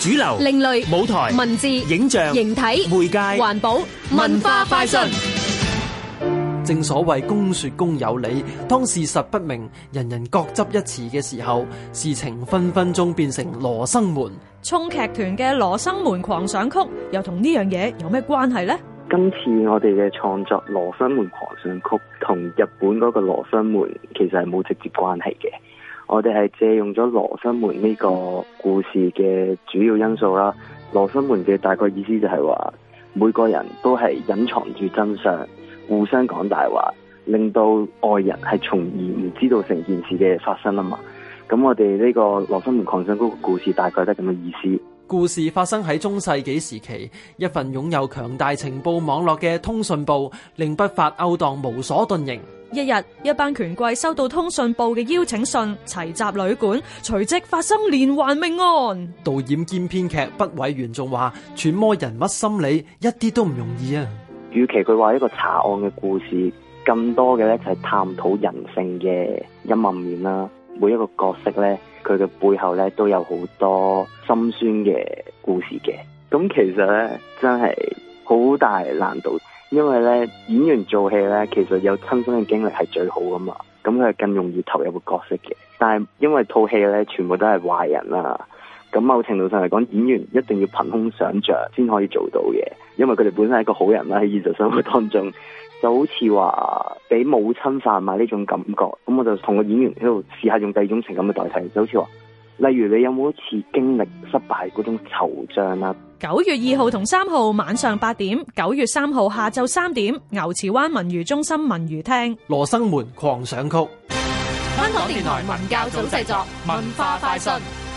主流、另類舞台、文字、影像、形體、媒介、環保、文化快訊。正所謂公說公有理，當事實不明，人人各執一詞嘅時候，事情分分鐘變成羅生門。冲劇團嘅《羅生門狂想曲》又同呢樣嘢有咩關係咧？今次我哋嘅創作《羅生門狂想曲》同日本嗰個《羅生門》其實係冇直接關係嘅。我哋係借用咗羅生門呢個故事嘅主要因素啦。羅生門嘅大概意思就係話，每個人都係隱藏住真相，互相講大話，令到外人係從而唔知道成件事嘅發生啦嘛。咁我哋呢個羅生門狂想曲嘅故事，大概都係咁嘅意思。故事發生喺中世紀時期，一份擁有強大情報網絡嘅通訊報，令不法勾當無所遁形。一日，一班權貴收到通訊部嘅邀請信，齊集旅館，隨即發生連環命案。導演兼編劇畢偉元仲話：揣摩人物心理一啲都唔容易啊！與其佢話一個查案嘅故事，更多嘅咧就係探討人性嘅陰暗面啦。每一個角色咧，佢嘅背後咧都有好多心酸嘅故事嘅。咁其實咧，真係好大難度。因為咧，演員做戲咧，其實有親身嘅經歷係最好噶嘛，咁佢係更容易投入一個角色嘅。但係因為套戲咧全部都係壞人啦、啊，咁某程度上嚟講，演員一定要憑空想象先可以做到嘅。因為佢哋本身係一個好人啦，喺現實生活當中，就好似話俾母親販賣呢種感覺，咁我就同個演員喺度試下用第二種情感去代替，就好似話。例如你有冇一次經歷失敗嗰種惆悵啊？九月二號同三號晚上八點，九月三號下晝三點，牛池灣文娛中心文娛廳，羅生門狂想曲。香港電台文教組製作，文化快訊。